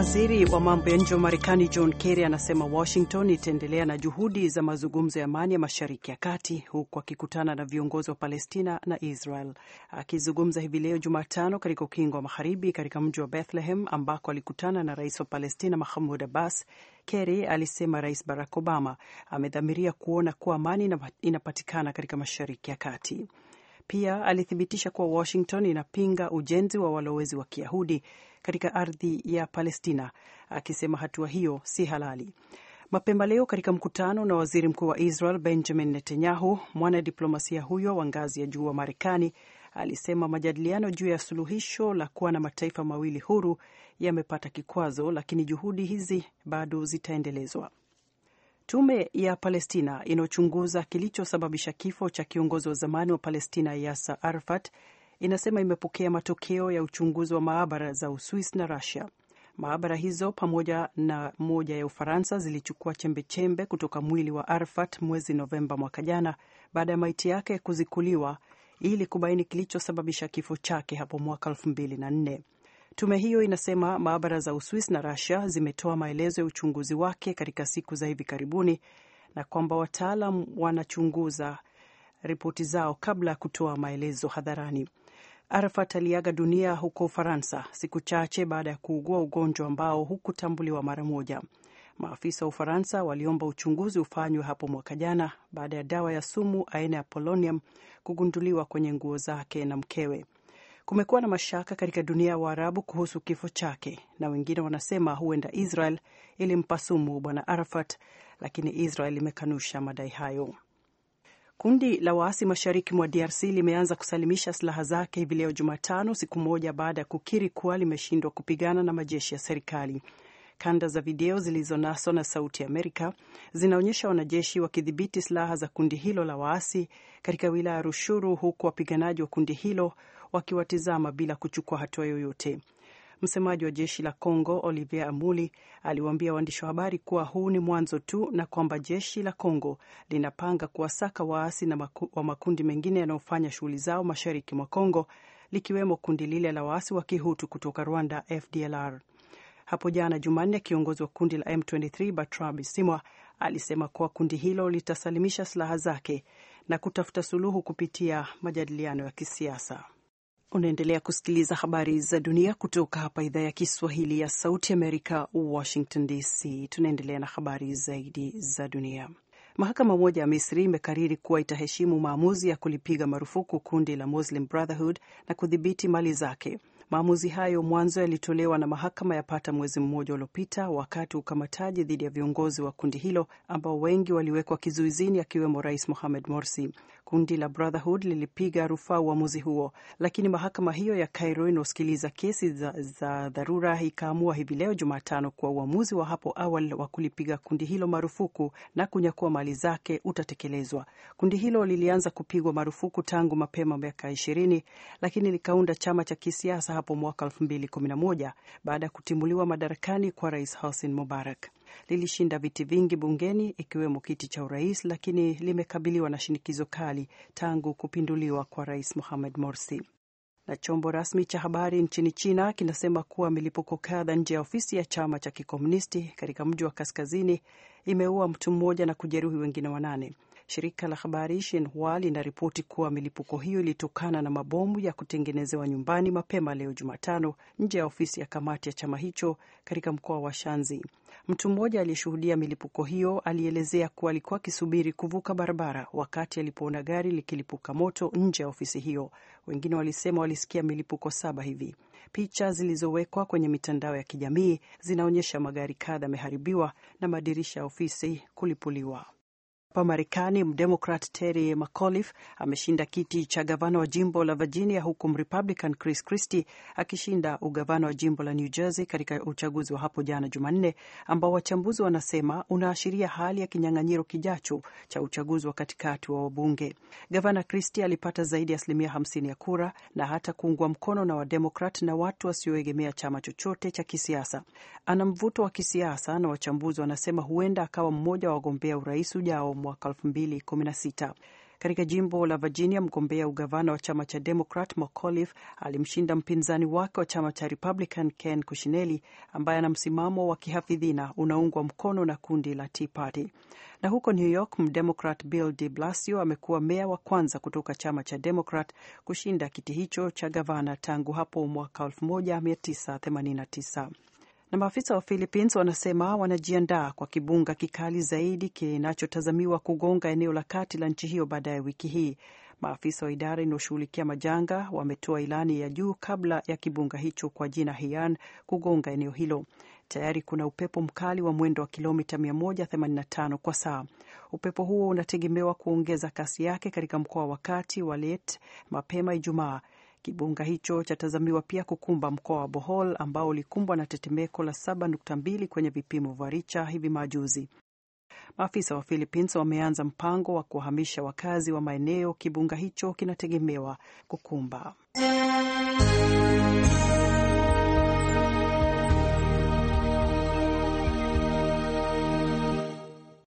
Waziri wa mambo ya nje wa Marekani John Kerry anasema Washington itaendelea na juhudi za mazungumzo ya amani ya Mashariki ya Kati huku akikutana na viongozi wa Palestina na Israel. Akizungumza hivi leo Jumatano katika ukingo wa Magharibi katika mji wa Bethlehem ambako alikutana na rais wa Palestina Mahmud Abbas, Kerry alisema Rais Barack Obama amedhamiria kuona kuwa amani inapatikana katika Mashariki ya Kati. Pia alithibitisha kuwa Washington inapinga ujenzi wa walowezi wa Kiyahudi katika ardhi ya Palestina, akisema hatua hiyo si halali. Mapema leo katika mkutano na waziri mkuu wa Israel Benjamin Netanyahu, mwanadiplomasia huyo wa ngazi ya juu wa Marekani alisema majadiliano juu ya suluhisho la kuwa na mataifa mawili huru yamepata kikwazo, lakini juhudi hizi bado zitaendelezwa. Tume ya Palestina inayochunguza kilichosababisha kifo cha kiongozi wa zamani wa Palestina yasa Arafat inasema imepokea matokeo ya uchunguzi wa maabara za Uswis na Rusia. Maabara hizo pamoja na moja ya Ufaransa zilichukua chembechembe kutoka mwili wa Arafat mwezi Novemba mwaka jana baada ya maiti yake kuzikuliwa ili kubaini kilichosababisha kifo chake hapo mwaka 2004. Tume hiyo inasema maabara za Uswis na Rasia zimetoa maelezo ya uchunguzi wake katika siku za hivi karibuni na kwamba wataalam wanachunguza ripoti zao kabla ya kutoa maelezo hadharani. Arafat aliaga dunia huko Ufaransa siku chache baada ya kuugua ugonjwa ambao hukutambuliwa mara moja. Maafisa wa Ufaransa waliomba uchunguzi ufanywe hapo mwaka jana baada ya dawa ya sumu aina ya polonium kugunduliwa kwenye nguo zake na mkewe. Kumekuwa na mashaka katika dunia ya Waarabu kuhusu kifo chake, na wengine wanasema huenda Israel ilimpa sumu bwana Arafat, lakini Israel imekanusha madai hayo. Kundi la waasi mashariki mwa DRC limeanza kusalimisha silaha zake hivi leo Jumatano, siku moja baada ya kukiri kuwa limeshindwa kupigana na majeshi ya serikali. Kanda za video zilizonaswa na Sauti Amerika zinaonyesha wanajeshi wakidhibiti silaha za kundi hilo la waasi katika wilaya ya Rushuru, huku wapiganaji wa kundi hilo wakiwatizama bila kuchukua hatua yoyote. Msemaji wa jeshi la congo Olivier Amuli aliwaambia waandishi wa habari kuwa huu ni mwanzo tu na kwamba jeshi la congo linapanga kuwasaka waasi na maku, wa makundi mengine yanayofanya shughuli zao mashariki mwa congo likiwemo kundi lile la waasi wa Kihutu kutoka Rwanda FDLR. Hapo jana Jumanne, kiongozi wa kundi la M23 Bertrand Bisimwa alisema kuwa kundi hilo litasalimisha silaha zake na kutafuta suluhu kupitia majadiliano ya kisiasa. Unaendelea kusikiliza habari za dunia kutoka hapa idhaa ya Kiswahili ya Sauti Amerika, Washington DC. Tunaendelea na habari zaidi za dunia. Mahakama moja ya Misri imekariri kuwa itaheshimu maamuzi ya kulipiga marufuku kundi la Muslim Brotherhood na kudhibiti mali zake Maamuzi hayo mwanzo yalitolewa na mahakama yapata mwezi mmoja uliopita, wakati ukamataji dhidi ya viongozi wa kundi hilo ambao wengi waliwekwa kizuizini, akiwemo Rais Mohamed Morsi. Kundi la Brotherhood lilipiga rufaa uamuzi huo, lakini mahakama hiyo ya Cairo inaosikiliza kesi za, za dharura ikaamua hivi leo Jumatano kuwa uamuzi wa hapo awali wa kulipiga kundi hilo marufuku na kunyakua mali zake utatekelezwa. Kundi hilo lilianza kupigwa marufuku tangu mapema miaka ishirini, lakini likaunda chama cha kisiasa hapo mwaka 2011 baada ya kutimuliwa madarakani kwa Rais Hosni Mubarak. Lilishinda viti vingi bungeni ikiwemo kiti cha urais, lakini limekabiliwa na shinikizo kali tangu kupinduliwa kwa Rais Mohamed Morsi. Na chombo rasmi cha habari nchini China kinasema kuwa milipuko kadha nje ya ofisi ya chama cha kikomunisti katika mji wa kaskazini imeua mtu mmoja na kujeruhi wengine wanane. Shirika la habari Shenhua linaripoti kuwa milipuko hiyo ilitokana na mabomu ya kutengenezewa nyumbani mapema leo Jumatano nje ya ofisi ya kamati ya chama hicho katika mkoa wa Shanzi. Mtu mmoja aliyeshuhudia milipuko hiyo alielezea kuwa alikuwa akisubiri kuvuka barabara wakati alipoona gari likilipuka moto nje ya ofisi hiyo. Wengine walisema walisikia milipuko saba hivi. Picha zilizowekwa kwenye mitandao ya kijamii zinaonyesha magari kadha yameharibiwa na madirisha ya ofisi kulipuliwa. Hapa Marekani, mdemokrat Terry McAuliffe ameshinda kiti cha gavana wa jimbo la Virginia, huku mrepublican Chris Christie akishinda ugavana wa jimbo la New Jersey katika uchaguzi wa hapo jana Jumanne, ambao wachambuzi wanasema unaashiria hali ya kinyang'anyiro kijacho cha uchaguzi wa katikati wa wabunge. Gavana Christie alipata zaidi ya asilimia 50 ya kura na hata kuungwa mkono na wademokrat na watu wasioegemea chama chochote cha kisiasa. Ana mvuto wa kisiasa na wachambuzi wanasema huenda akawa mmoja wa wagombea urais ujao mwaka 2016. Katika jimbo la Virginia, mgombea ugavana wa chama cha Democrat McAuliffe alimshinda mpinzani wake wa chama cha Republican Ken Kushineli ambaye ana msimamo wa kihafidhina unaungwa mkono na kundi la Tea Party. Na huko New York, mdemokrat Bill de Blasio amekuwa meya wa kwanza kutoka chama cha Democrat kushinda kiti hicho cha gavana tangu hapo mwaka 1989 na maafisa wa Philippines wanasema wanajiandaa kwa kibunga kikali zaidi kinachotazamiwa kugonga eneo la kati la nchi hiyo baadaye wiki hii. Maafisa wa idara inayoshughulikia majanga wametoa ilani ya juu kabla ya kibunga hicho kwa jina Haiyan kugonga eneo hilo. Tayari kuna upepo mkali wa mwendo wa kilomita 185 kwa saa. Upepo huo unategemewa kuongeza kasi yake katika mkoa wa kati wa Leyte mapema Ijumaa Kibunga hicho chatazamiwa pia kukumba mkoa wa Bohol ambao ulikumbwa na tetemeko la 7.2 kwenye vipimo vya Richa hivi majuzi. Maafisa wa Philippines wameanza mpango wa kuwahamisha wakazi wa maeneo kibunga hicho kinategemewa kukumba.